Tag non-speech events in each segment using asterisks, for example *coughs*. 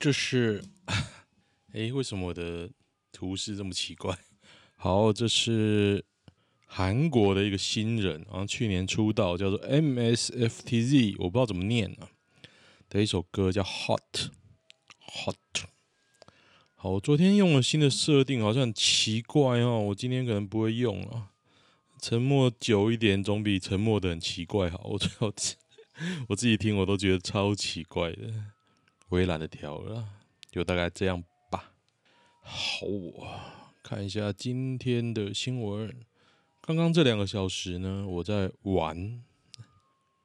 這是哎，為什麼我的圖示這麼奇怪？好，這是韓國的一個新人，好像去年出道，叫做 M S F T Z，我不知道怎麼念啊。的一首歌叫《Hot Hot》。好，我昨天用了新的設定，好像很奇怪哦。我今天可能不會用了，沉默久一點，總比沉默得很奇怪好。我最好我，我自己聽我都覺得超奇怪的。我也懶得調了，就大概這樣吧。好，看一下今天的新聞。剛剛這兩個小時呢，我在玩，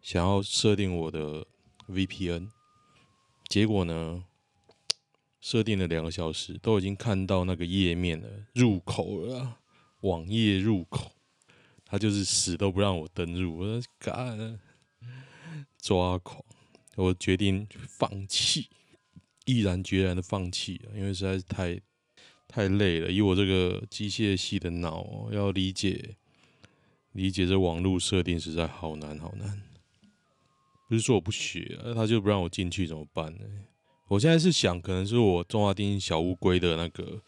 想要設定我的 VPN，結果呢，設定了兩個小時，都已經看到那個頁面了，入口了，網頁入口，他就是死都不讓我登入，我幹，God，抓狂。我決定放棄，毅然決然的放棄了，因為實在是太太累了。以我這個機械系的腦，要理解理解這網絡設定實在好難好難。不是說我不學啊，他就不讓我進去怎麼辦呢？我現在是想，可能是我中華電信小烏龜的那個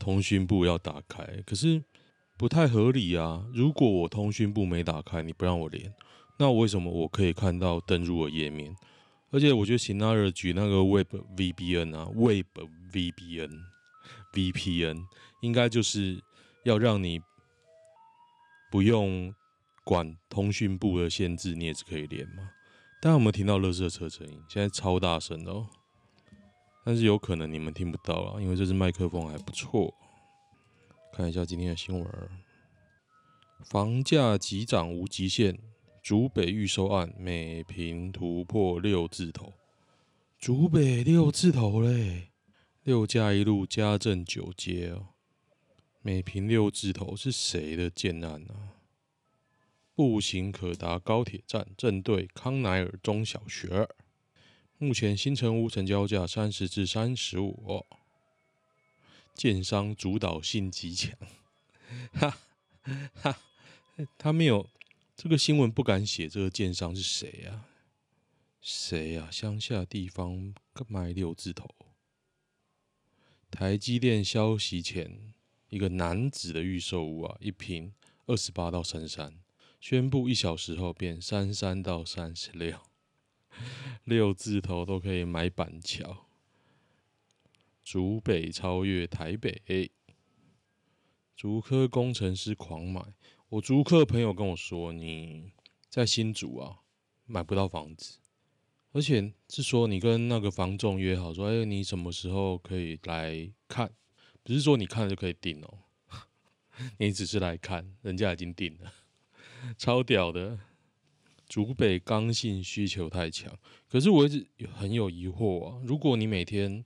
通訊簿要打開，可是不太合理啊。如果我通訊簿沒打開，你不讓我連，那為什麼我可以看到登入的頁面？而且我覺得 Synology 那個 Web VPN，啊、Web VPN 啊，Web VPN，VPN 應該就是要讓你不用管通訊部的限制，你也是可以連嘛。大家有沒有聽到垃圾的車聲音？現在超大聲的哦！但是有可能你們聽不到啊，因為這支麥克風還不錯。看一下今天的新聞，房價急漲無極限。竹北預售案每坪突破六字頭，竹北六字頭嘞，嗯、六家一路嘉政九街哦，每坪六字頭是誰的建案啊？步行可達高鐵站，正對康乃爾中小學。目前新成屋成交價三十至三十五，建商主導性極強。哈， *laughs* 他沒有。這個新聞不敢寫，這個建商是誰呀、啊？誰呀、啊？鄉下地方買六字頭，台積電消息前，一個男子的預售屋啊，一坪二十八到三三，33, 宣布一小時後變三三到三十六，六字頭都可以買板橋、竹北超越台北、A，竹科工程師狂買。我租客朋友跟我說，你在新竹啊，買不到房子，而且是說你跟那個房仲約好說，哎、欸，你什麼時候可以來看？不是說你看了就可以訂哦， *laughs* 你只是來看，人家已經訂了，超屌的。竹北剛性需求太強，可是我一直很有疑惑啊。如果你每天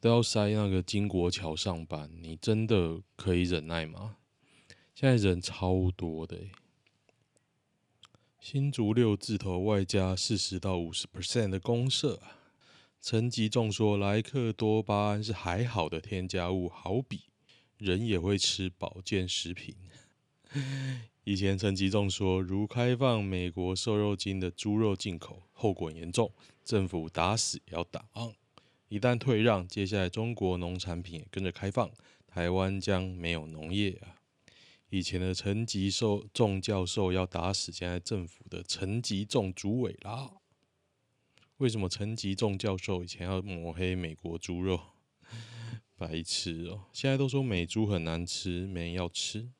都要塞那個經國橋上班，你真的可以忍耐嗎？現在人超多的耶。新竹六字頭外加四十到五十 percent 的公社。陳吉仲說，萊克多巴胺是還好的添加物，好比人也會吃保健食品。以前陳吉仲說，如開放美國瘦肉精的豬肉進口，後果嚴重，政府打死也要打。一旦退讓，接下來中國農產品也跟着開放，台灣將沒有農業啊。以前的陳吉仲教授要打死現在政府的陳吉仲主委啦？為什麼陳吉仲教授以前要抹黑美國豬肉？ *laughs* 白痴哦！現在都說美豬很難吃，沒人要吃、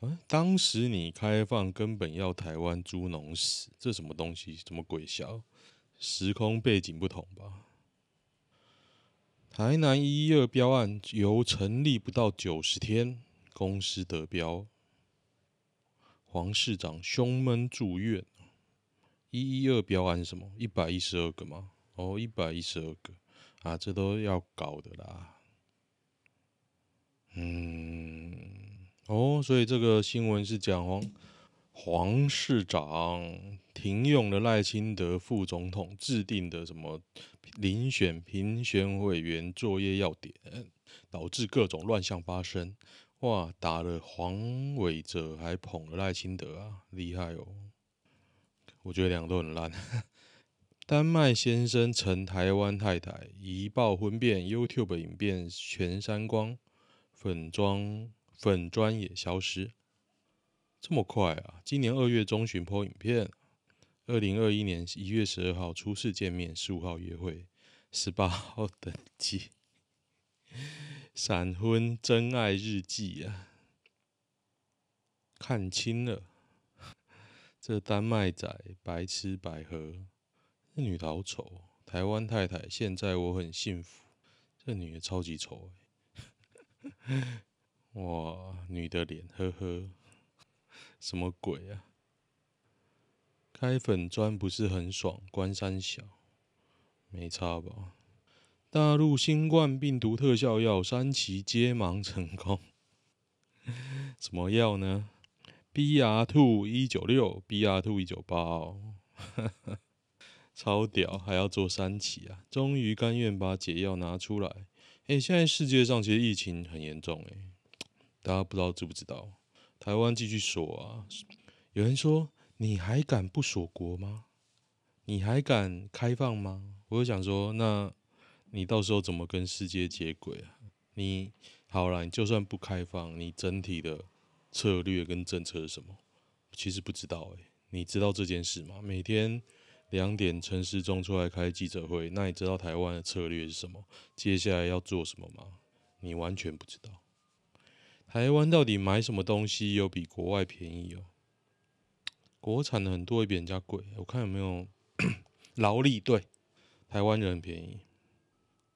啊。當時你開放根本要台灣豬農死，這什麼東西？什麼鬼小？時空背景不同吧？台南一一二標案由成立不到九十天，公司得標，黃市長胸悶住院。一一二標案是什麼？一百一十二個嗎？哦，一百一十二個啊，這都要搞的啦。嗯，哦，所以這個新聞是講黃黃市長停用了賴清德副總統制定的什麼遴選評選委員作業要點，導致各種亂象發生。哇，打了黃偉哲還捧了賴清德啊，厲害哦！我覺得兩個都很爛。丹麥先生成台灣太太，一爆婚變，YouTube 影片全刪光，粉妝粉磚也消失，這麼快啊？今年二月中旬 PO 影片，二零二一年一月十二號初次見面，十五號約會，十八號登記閃婚真愛日記啊，看清了，這丹麥仔白吃白喝，這女的好醜，台灣太太，現在我很幸福，這女的超級醜、欸、哇，女的臉，呵呵，什麼鬼啊？開粉專不是很爽，關三小，沒差吧？大陸新冠病毒特效藥三期揭盲成功， *laughs* 什麼藥呢？BRII 一九六，BRII 一九八哦， *laughs* 超屌，還要做三期啊！終於甘願把解藥拿出來。哎，現在世界上其實疫情很嚴重，哎，大家不知道知不知道？台灣繼續鎖啊！有人說，你還敢不鎖國嗎？你還敢開放嗎？我就想說，那。你到時候怎麼跟世界接軌啊？你好啦，你就算不開放，你整體的策略跟政策是什麼？其實不知道誒、欸，你知道這件事嗎？每天兩點陳時中出來開記者會，那你知道台灣的策略是什麼？接下來要做什麼嗎？你完全不知道。台灣到底買什麼東西有比國外便宜哦、喔？國產的很多也比人家貴，我看有沒有勞 *coughs* 力，對，台灣人很便宜。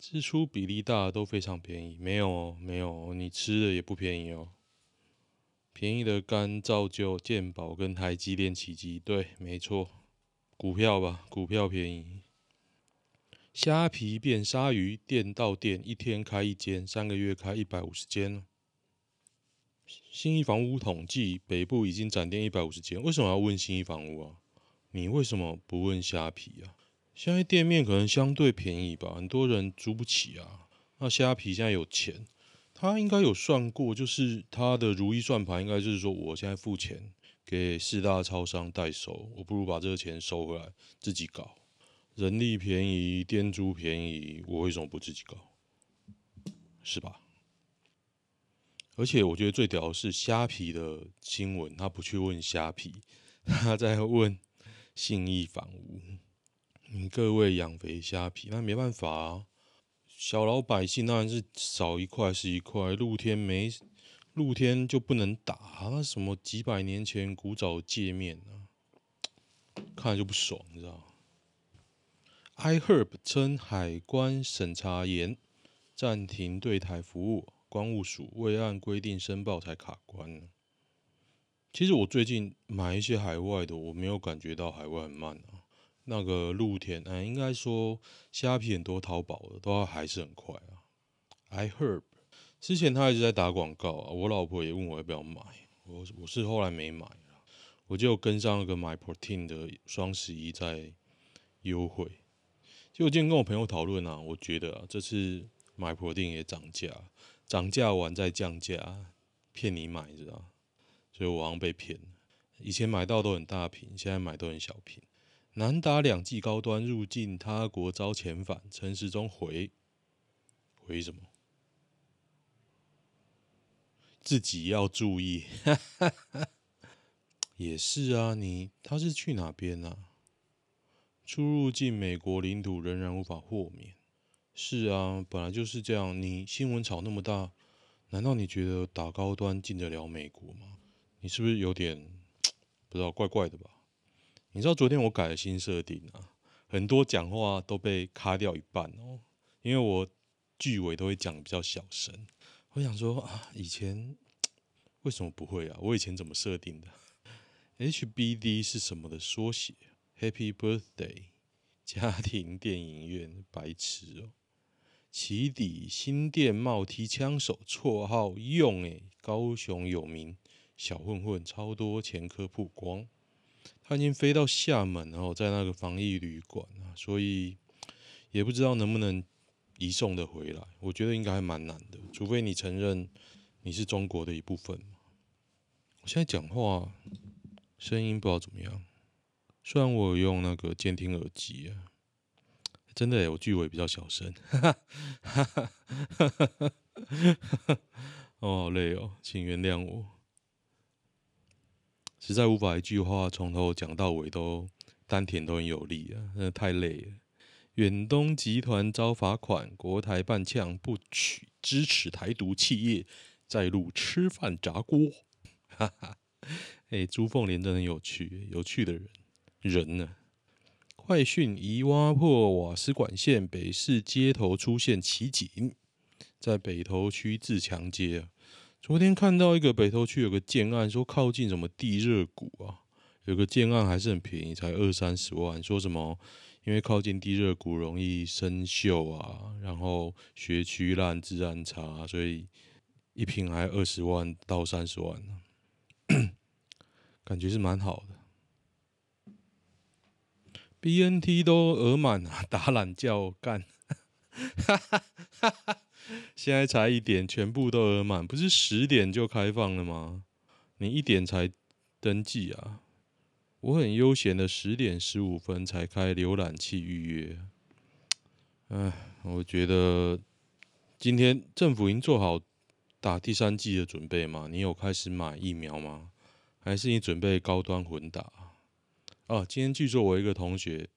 支出比例大都非常便宜，沒有哦，沒有哦，你吃的也不便宜哦。便宜的肝造就健保跟台積電奇蹟，對，沒錯，股票吧，股票便宜。蝦皮變鯊魚，店到店一天開一間，三個月開一百五十間。信義房屋統計，北部已經展店一百五十間，為什麼要問信義房屋啊？你為什麼不問蝦皮啊？現在店面可能相對便宜吧，很多人租不起啊。那蝦皮現在有錢，他應該有算過，就是他的如意算盤，應該就是說，我現在付錢給四大超商代收，我不如把這個錢收回來自己搞，人力便宜，店租便宜，我為什麼不自己搞？是吧？而且我覺得最屌的是蝦皮的新聞，他不去問蝦皮，他在問信義房屋。各位養肥蝦皮，那沒辦法啊，小老百姓當然是少一塊是一塊。露天沒，露天就不能打啊！那什麼幾百年前古早界面啊，看來就不爽，你知道嗎？iHerb 稱海關審查嚴，暫停對台服務。關務署未按規定申報才卡關。其實我最近買一些海外的，我沒有感覺到海外很慢啊。那個露天，嗯、哎，應該說蝦皮很多淘寶的都還是很快啊。iHerb 之前他一直在打廣告啊，我老婆也問我要不要買，我我是後來沒買，我就跟上那個 My Protein 的雙十一在優惠。就我今天跟我朋友討論啊，我覺得、啊、這次 My Protein 也漲價，漲價完再降價，騙你買，你知道？所以我好像被騙了。以前買到都很大瓶，現在買都很小瓶。男打兩劑高端入境他國遭遣返，陳時中回回什麼？自己要注意。哈哈哈。也是啊，你他是去哪邊呢、啊？出入境美國領土仍然無法豁免。是啊，本來就是這樣。你新聞炒那麼大，難道你覺得打高端進得了美國嗎？你是不是有點不知道怪怪的吧？你知道昨天我改了新設定啊，很多講話都被卡掉一半哦。因為我句尾都會講比較小聲。我想說啊，以前為什麼不會啊？我以前怎麼設定的？HBD 是什麼的縮寫？Happy Birthday！家庭電影院，白痴哦。起底新店帽 T 槍手，綽號勇哎、欸，高雄有名小混混，超多前科曝光。他已經飛到廈門，然後在那個防疫旅館，所以也不知道能不能移送的回來。我覺得應該還蠻難的，除非你承認你是中國的一部分。我現在講話聲音不知道怎麼樣，雖然我用那個監聽耳機啊，真的欸，我句尾比較小聲。 *laughs* 哦，好累哦，請原諒我。實在無法，一句話從頭講到尾都丹田都很有力啊，那太累了。遠東集團遭罰款，國台辦嗆不取支持台獨企業再入吃飯炸鍋。哈哈，哎，朱鳳蓮真的有趣，有趣的人人呢、啊。快訊：宜挖破瓦斯管線，北市街頭出現奇景，在北投區自強街、啊。昨天看到一個北投區有個建案，說靠近什麼地熱谷啊，有個建案還是很便宜，才二三十萬。說什麼因為靠近地熱谷容易生銹啊，然後學區爛、治安差、啊，所以一坪還二十萬到三十萬呢、啊。 *coughs* 感覺是蠻好的。BNT 都額滿啊，打懶覺幹，哈哈哈哈。現在才一點，全部都額滿，不是十點就開放了嗎？你一點才登記啊？我很悠閒的，十點十五分才開瀏覽器預約。唉，我覺得今天政府已經做好打第三劑的準備嗎？你有開始買疫苗嗎？還是你準備高端混打？哦、啊，今天據說我一個同學，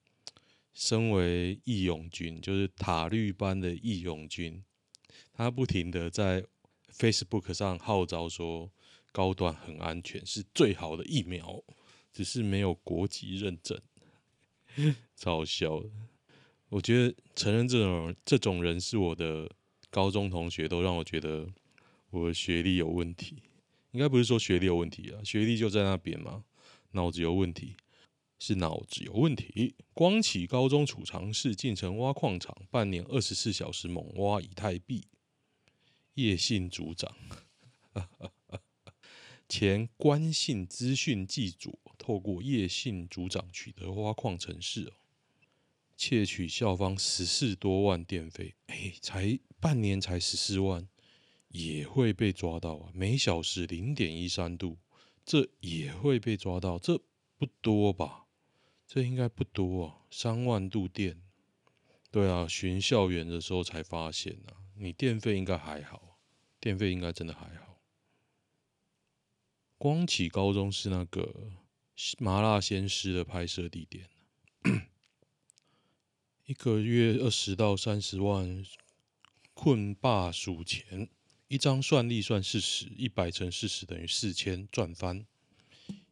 身為義勇軍，就是塔綠班的義勇軍。他不停地在 Facebook 上號召說：“高端很安全，是最好的疫苗，只是沒有國籍認證。”超好笑的。我覺得承認這種這種人是我的高中同學，都讓我覺得我的學歷有問題。應該不是說學歷有問題啊，學歷就在那邊嘛，腦子有問題，是腦子有問題。光啟高中儲藏室進城挖礦場，半年二十四小時猛挖以太幣。葉姓組長，前官姓資訊記者透過葉姓組長取得挖礦城市哦，竊取校方十四多萬電費，哎，才半年才十四萬，也會被抓到啊！每小時零點一三度，這也會被抓到，這不多吧？這應該不多啊，三萬度電。對啊，巡校園的時候才發現啊，你電費應該還好。電費應該真的還好。光啟高中是那個麻辣鮮師的拍攝地點，一個月二十到三十萬，困霸數錢，一張算力算四十，一百乘四十等於四千，賺翻。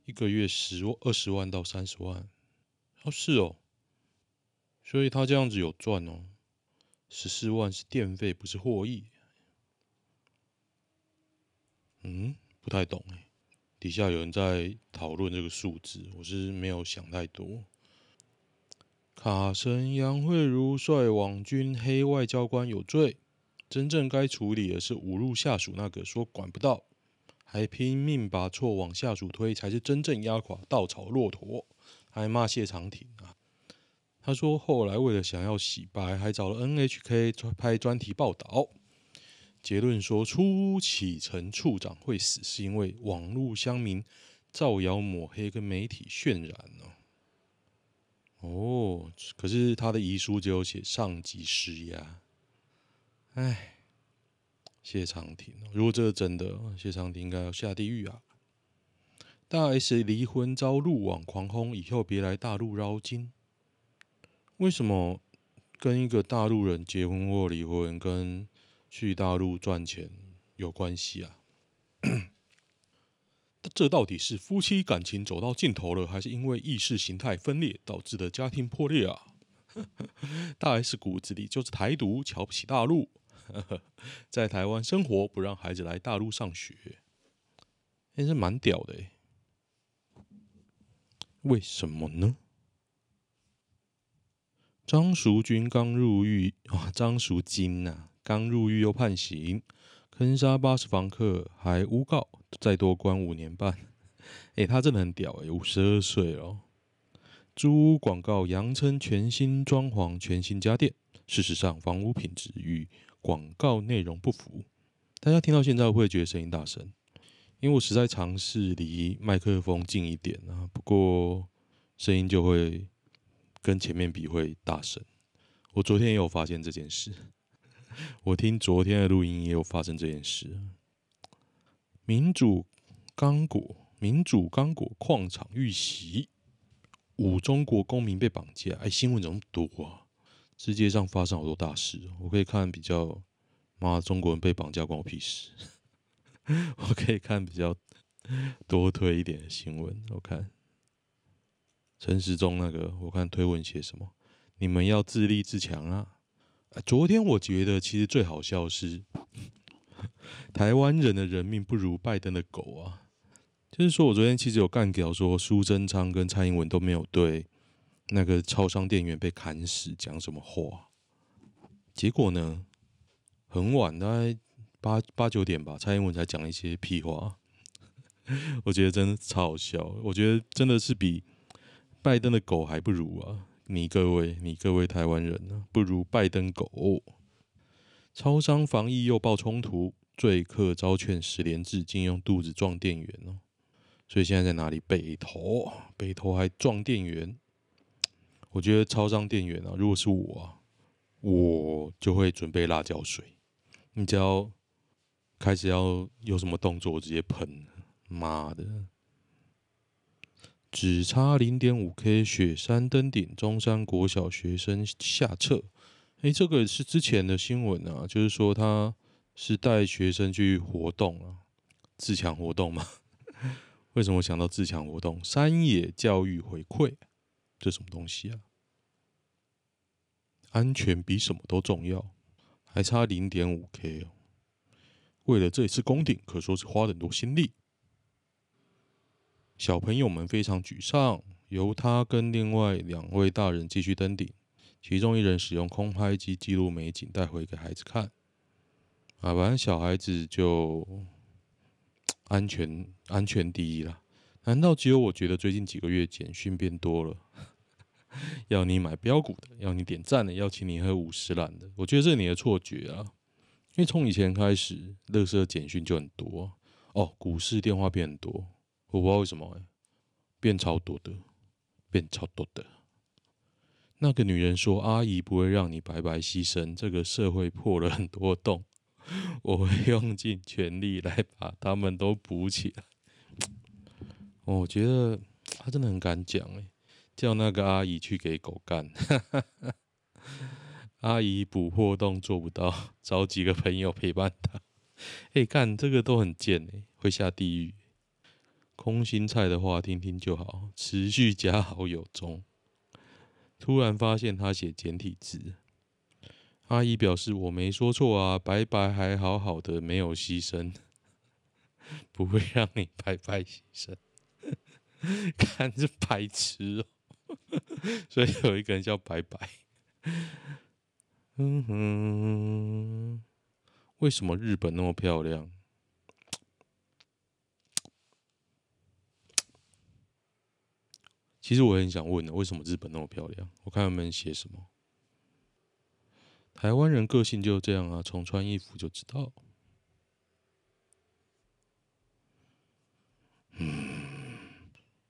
一個月十二十萬到三十萬，哦，是哦，所以他這樣子有賺哦，十四萬是電費，不是獲益。嗯，不太懂哎、欸。底下有人在討論這個數字，我是沒有想太多。卡神楊蕙如率網軍黑外交官有罪，真正該處理的是侮辱下屬那個說管不到，還拼命把錯往下屬推，才是真正壓垮稻草駱駝。還罵謝長廷啊？他說後來為了想要洗白，還找了 NHK 拍專題報道。結論說，蘇啟誠處長會死，是因為網絡鄉民造謠抹黑跟媒體渲染哦，哦，可是他的遺書只有寫上級施壓。哎，謝長廷哦，如果這是真的，謝長廷應該要下地獄啊！大 S 離婚遭路網狂轟，以後別來大陸撈金。為什麼跟一個大陸人結婚或離婚跟？去大陸賺錢有關係啊？ *coughs* 這到底是夫妻感情走到盡頭了，還是因為意識形態分裂導致的家庭破裂啊？ *laughs* 大 S 骨子裡就是台獨，瞧不起大陸， *laughs* 在台灣生活不讓孩子來大陸上學，也是蠻屌的。為什麼呢？張淑君剛入獄啊，張淑晶吶？剛入獄又判刑，坑殺八十房客，還誣告，再多關五年半。欸，他真的很屌欸，五十二歲哦。租屋廣告揚稱全新裝潢、全新家電，事實上房屋品質與廣告內容不符。大家聽到現在會覺得聲音大聲，因為我實在嘗試離麥克風近一點啊，不過聲音就會跟前面比會大聲。我昨天也有發現這件事。我聽昨天的錄音也有發生這件事，民主剛果，民主剛果礦場遇襲，五中國公民被綁架。哎，新聞怎麼多啊？世界上發生好多大事，我可以看比較。媽，中國人被綁架關我屁事？我可以看比較多推一點的新聞。我看陳時中那個，我看推文寫什麼？你們要自立自強啊！昨天我覺得其實最好笑是台灣人的人命不如拜登的狗啊！就是說我昨天其實有幹掉說蘇貞昌跟蔡英文都沒有對那個超商店員被砍死講什麼話，結果呢，很晚大概八八九點吧，蔡英文才講一些屁話。我覺得真的超好笑，我覺得真的是比拜登的狗還不如啊！你各位，你各位台灣人、啊，不如拜登狗，超商防疫又爆衝突，醉客遭勸十連致敬，用肚子撞店員哦。所以現在在哪裡？北投，北投還撞店員。我覺得超商店員啊，如果是我，啊，我就會準備辣椒水。你只要開始要有什麼動作，我直接噴。媽的！只差零點五 k，雪山登頂。中山國小學生下冊，誒、欸，這個是之前的新聞啊，就是說他是帶學生去活動、啊、自強活動嗎？為什麼我想到自強活動？山野教育回饋，這什麼東西啊？安全比什麼都重要，還差零點五 k 哦。為了這一次攻頂，可說是花了很多心力。小朋友們非常沮喪，由他跟另外兩位大人繼續登頂。其中一人使用空拍機記錄美景，帶回給孩子看。啊，反正小孩子就安全，安全第一啦。難道只有我覺得最近幾個月簡訊變多了？ *laughs* 要你買飆股的，要你點讚的，要請你喝五十嵐的。我覺得這是你的錯覺啊，因為從以前開始，垃圾簡訊就很多哦。股市電話變很多。我不知道為什麼哎，變超多的，變超多的。那個女人說：“阿姨不會讓你白白犧牲。”這個社會破了很多洞，我會用盡全力來把他們都補起來。我覺得他真的很敢講，欸，叫那個阿姨去給狗幹，阿姨補破洞做不到，找幾個朋友陪伴他。哎，幹這個都很賤哎，會下地獄。空心菜的話，聽聽就好。持續加好友中。突然發現他寫簡體字。阿姨表示：“我沒說錯啊，白白還好好的，沒有犧牲，不會讓你白白犧牲。”看這白痴哦。所以有一個人叫白白。嗯哼，為什麼日本那麼漂亮？其實我很想問的，為什麼日本那麼漂亮？我看他們寫什麼。台灣人個性就這樣啊，從穿衣服就知道。嗯，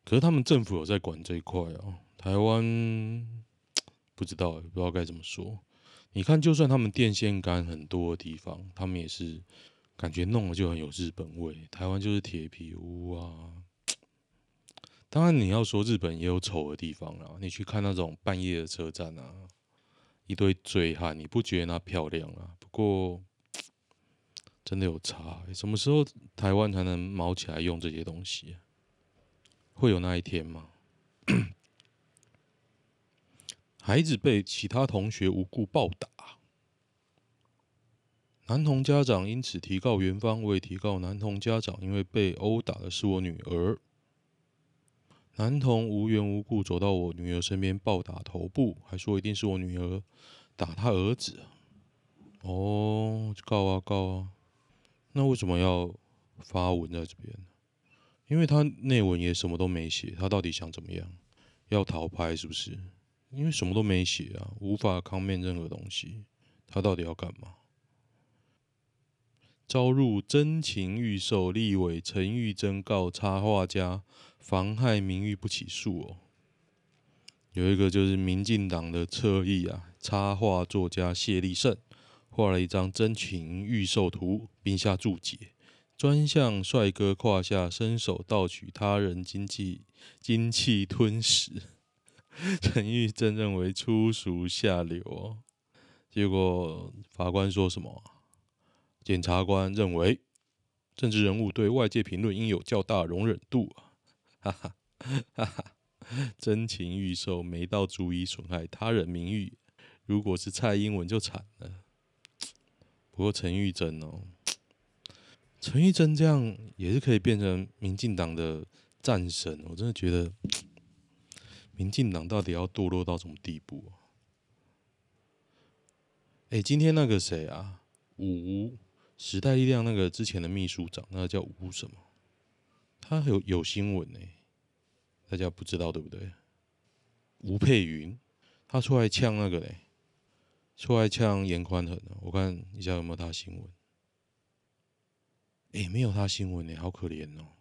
可是他們政府有在管這一塊哦。台灣不知道，不知道該怎麼說。你看，就算他們電線桿很多的地方，他們也是感覺弄了就很有日本味。台灣就是鐵皮屋啊。當然，你要說日本也有醜的地方啊！你去看那種半夜的車站啊，一堆醉漢，你不覺得那漂亮啊。不過真的有差。欸，什麼時候台灣才能卯起來用這些東西啊？會有那一天嗎？ *coughs* 孩子被其他同學無故暴打，男童家長因此提告園方未提告男童家長，因為被毆打的是我女兒。男童無緣無故走到我女兒身邊暴打頭部，還說一定是我女兒打他兒子。哦，告啊告啊！那為什麼要發文在這邊？因為他內文也什麼都沒寫，他到底想怎麼樣？要討拍是不是？因為什麼都沒寫啊，無法抗辯任何東西。他到底要幹嘛？招入真情預售，立委陳玉珍告插畫家。妨害名譽不起訴哦。有一個就是民進黨的側翼啊，插畫作家謝立勝畫了一張真情預售圖，並下注解，專向帥哥胯下伸手，盜取他人經濟精氣吞噬，陳 *laughs* 玉珍認為粗俗下流，哦，結果法官說什麼？檢察官認為，政治人物對外界評論應有較大容忍度啊。哈哈哈哈真情預售沒到足以損害他人名譽，如果是蔡英文就慘了。不過陳玉珍哦，陳玉珍這樣也是可以變成民進黨的戰神，我真的覺得民進黨到底要墮落到什麼地步啊？哎，今天那個誰啊，吳時代力量那個之前的秘書長，那個叫吳什麼？他有有新聞呢、欸，大家不知道對不對？吳佩芸，他出來嗆那個嘞、欸，出來嗆顏寬恆，我看一下有沒有他新聞。哎、欸，沒有他新聞呢、欸，好可憐哦、喔。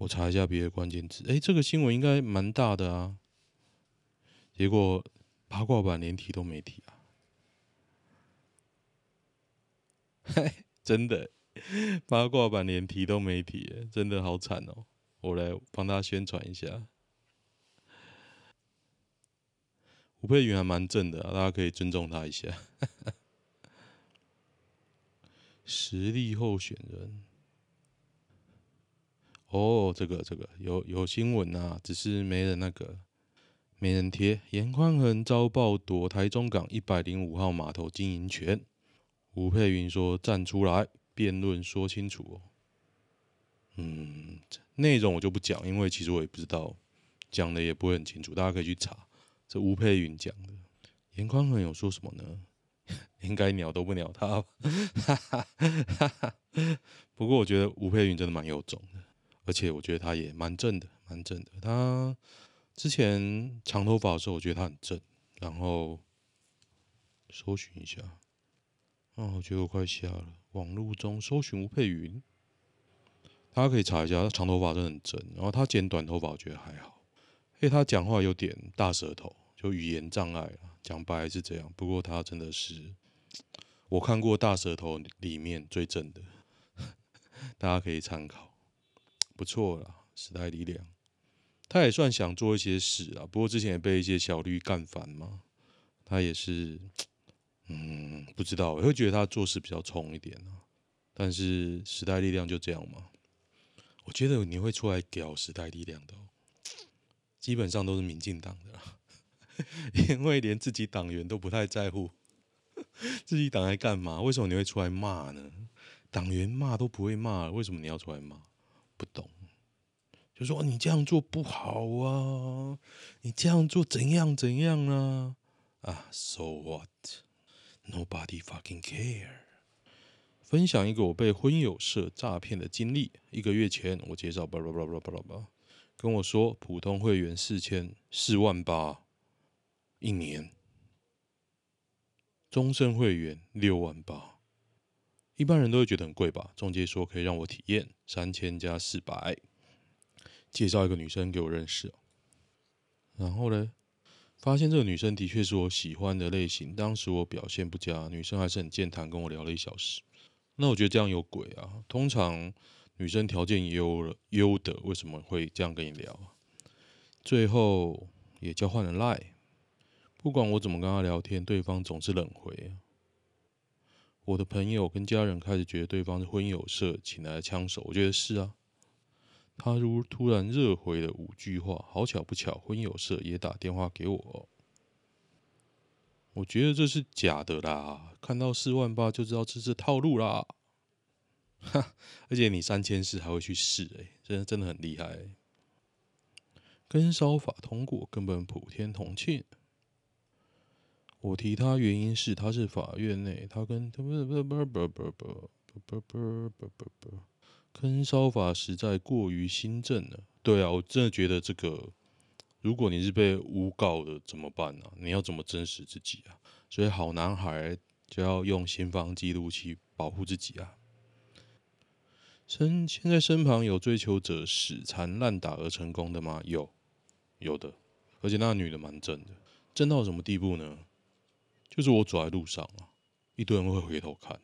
我查一下別的關鍵詞，哎、欸，這個新聞應該蠻大的啊。結果八卦版連提都沒提啊。嘿，真的、欸。八卦版連提都沒提，真的好慘哦、喔！我來幫他宣傳一下。吳佩雲還蠻正的、啊，大家可以尊重他一下。 *laughs* 實力候選人哦，這個這個有有新聞啊，只是沒人那個沒人貼。顏寬恆遭爆奪台中港一百零五號碼頭經營權，吳佩雲說站出來。辯論說清楚哦。嗯，內容我就不講，因為其實我也不知道，講的也不會很清楚，大家可以去查。這吳沛憶講的，顏寬恆有說什麼呢？應該鳥都不鳥他吧。哈哈哈，不過我覺得吳沛憶真的蠻有種的，而且我覺得他也蠻正的，蠻正的。他之前長頭髮的時候，我覺得他很正。然後搜尋一下，啊，我覺得我快瞎了。網絡中搜尋吳佩雲，大家可以查一下，他長頭髮真的很正，然後他剪短頭髮我覺得還好。嘿、欸，他講話有點大舌頭，就語言障礙了，講白是這樣。不過他真的是我看過大舌頭裡面最正的，呵呵，大家可以參考，不錯啦。時代力量，他也算想做一些事啊，不過之前也被一些小綠干煩嘛，他也是。嗯，不知道，我會覺得他做事比較衝一點啊，但是時代力量就這樣嘛？我覺得你會出來屌時代力量的哦，基本上都是民進黨的啊，因為連自己黨員都不太在乎自己黨員幹嘛？為什麼你會出來罵呢？黨員罵都不會罵，為什麼你要出來罵？不懂，就說你這樣做不好啊！你這樣做怎樣怎樣啊？啊，so what？Nobody fucking care。分享一個我被婚友社詐騙的經歷。一個月前，我介紹，巴拉巴拉巴拉巴拉，跟我說普通會員四千四萬八，一年，終身會員六萬八。一般人都會覺得很貴吧？中介說可以讓我體驗三千加四百，介紹一個女生給我認識。然後呢？發現這個女生的確是我喜歡的類型，當時我表現不佳，女生還是很健談，跟我聊了一小時。那我覺得這樣有鬼啊！通常女生條件優了優的，為什麼會這樣跟你聊？最後也交換了賴，不管我怎麼跟她聊天，對方總是冷回。我的朋友跟家人開始覺得對方是婚友社請來的槍手，我覺得是啊。他如，突然熱回了五句話。好巧不巧，婚友社也打電話給我。我覺得這是假的啦，看到四萬八就知道這是套路啦。哈，而且你三千四還會去試，哎，真的真的很厲害。跟燒法通過，根本普天同慶。我提他原因是他是法院內，他跟。跟騷法實在過於心證了。對啊，我真的覺得這個，如果你是被誣告的，怎麼辦呢、啊？你要怎麼證實自己啊？所以好男孩就要用前方記錄器保護自己啊。身現在身旁有追求者死纏爛打而成功的嗎？有，有的。而且那個女的蠻正的，正到什麼地步呢？就是我走在路上啊，一堆人會回頭看，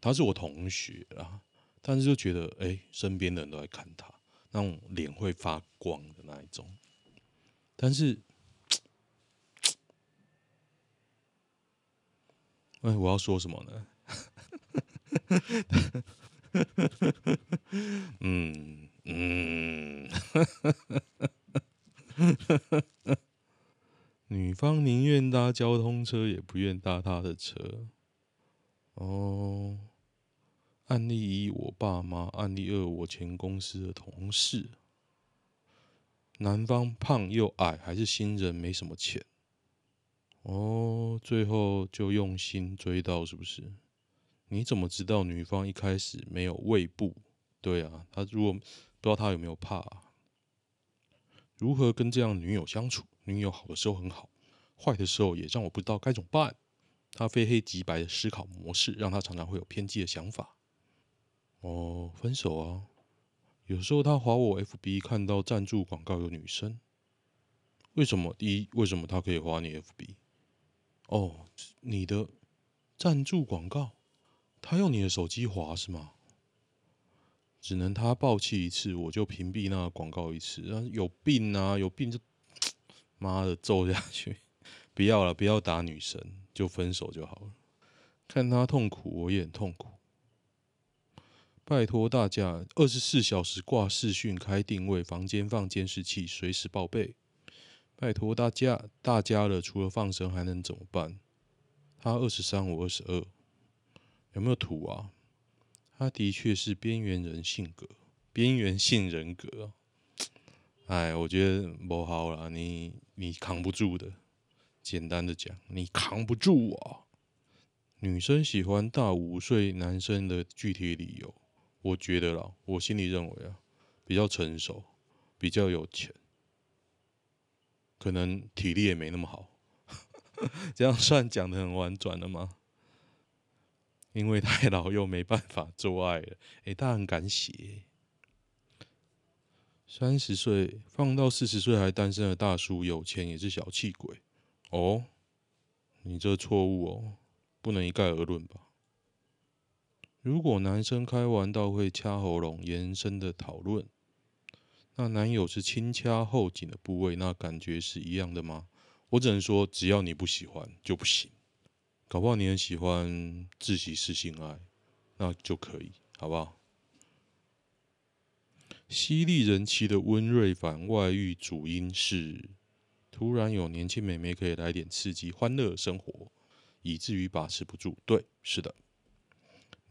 她是我同學啊。但是就覺得，哎、欸，身邊的人都在看他，那種臉會發光的那一種。但是，嘖嘖，哎、欸，我要說什麼呢？嗯嗯，哈哈哈哈哈哈哈哈哈哈。 *laughs* *laughs* 女方寧願搭交通車，也不願搭他的車。哦。案例一，我爸媽；案例二，我前公司的同事。男方胖又矮，還是新人，沒什麼錢。哦，最後就用心追到，是不是？你怎麼知道女方一開始沒有胃部？對啊，他如果不知道他有沒有怕，如何跟這樣女友相處？女友好的時候很好，壞的時候也讓我不知道該怎麼辦。她非黑即白的思考模式，讓她常常會有偏激的想法。哦，oh, 分手啊！有時候他划我 FB，看到贊助廣告有女生，為什麼？第一，為什麼他可以划你 FB？哦、oh,，你的贊助廣告，他用你的手機划是嗎？只能他爆氣一次，我就屏蔽那個廣告一次。然後有病啊！有病就，媽的揍下去！ *laughs* 不要了，不要打女生，就分手就好了。看他痛苦，我也很痛苦。拜託大家，二十四小時掛視訊，開定位，房間放監視器，隨時報備。拜託大家，大家了，除了放生還能怎麼辦？他二十三，我二十二，有沒有圖啊？他的確是邊緣人性格，邊緣性人格。哎，我覺得不好啦，你你扛不住的。簡單的講，你扛不住啊。女生喜歡大五歲男生的具體理由。我覺得啦，我心裡認為啊，比較成熟，比較有錢，可能體力也沒那麼好。 *laughs* 這樣算講得很婉轉了嗎？因為太老又沒辦法做愛了。哎，他很敢寫，三十歲放到四十歲還單身的大叔，有錢也是小氣鬼哦。你這錯誤哦，不能一概而論吧。如果男生開玩笑，會掐喉嚨延伸的討論，那男友是輕掐後頸的部位，那感覺是一樣的嗎？我只能說，只要你不喜歡就不行。搞不好你很喜歡窒息式性愛，那就可以，好不好？犀利人妻的溫瑞凡外遇主因是突然有年輕妹妹可以來點刺激，歡樂生活，以至於把持不住。對，是的。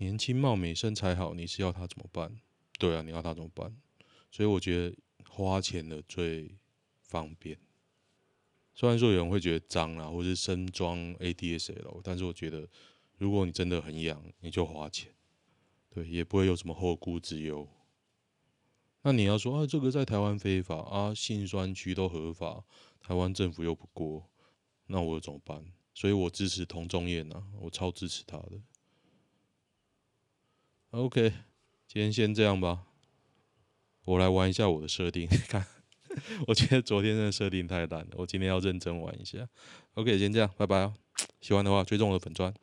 年輕貌美身材好，你是要他怎麼辦？對啊，你要他怎麼辦？所以我覺得花錢的最方便。雖然說有人會覺得髒啊，或是身裝 ADSL，但是我覺得如果你真的很癢，你就花錢，對，也不會有什麼後顧之憂。那你要說啊，這個在台灣非法啊，性專區都合法，台灣政府又不過，那我怎麼辦？所以我支持童仲彥啊，我超支持他的。OK，今天先這樣吧。我來玩一下我的設定，看。我覺得昨天的設定太爛了，我今天要認真玩一下。OK，先這樣，拜拜哦。喜歡的話，追蹤我的粉專。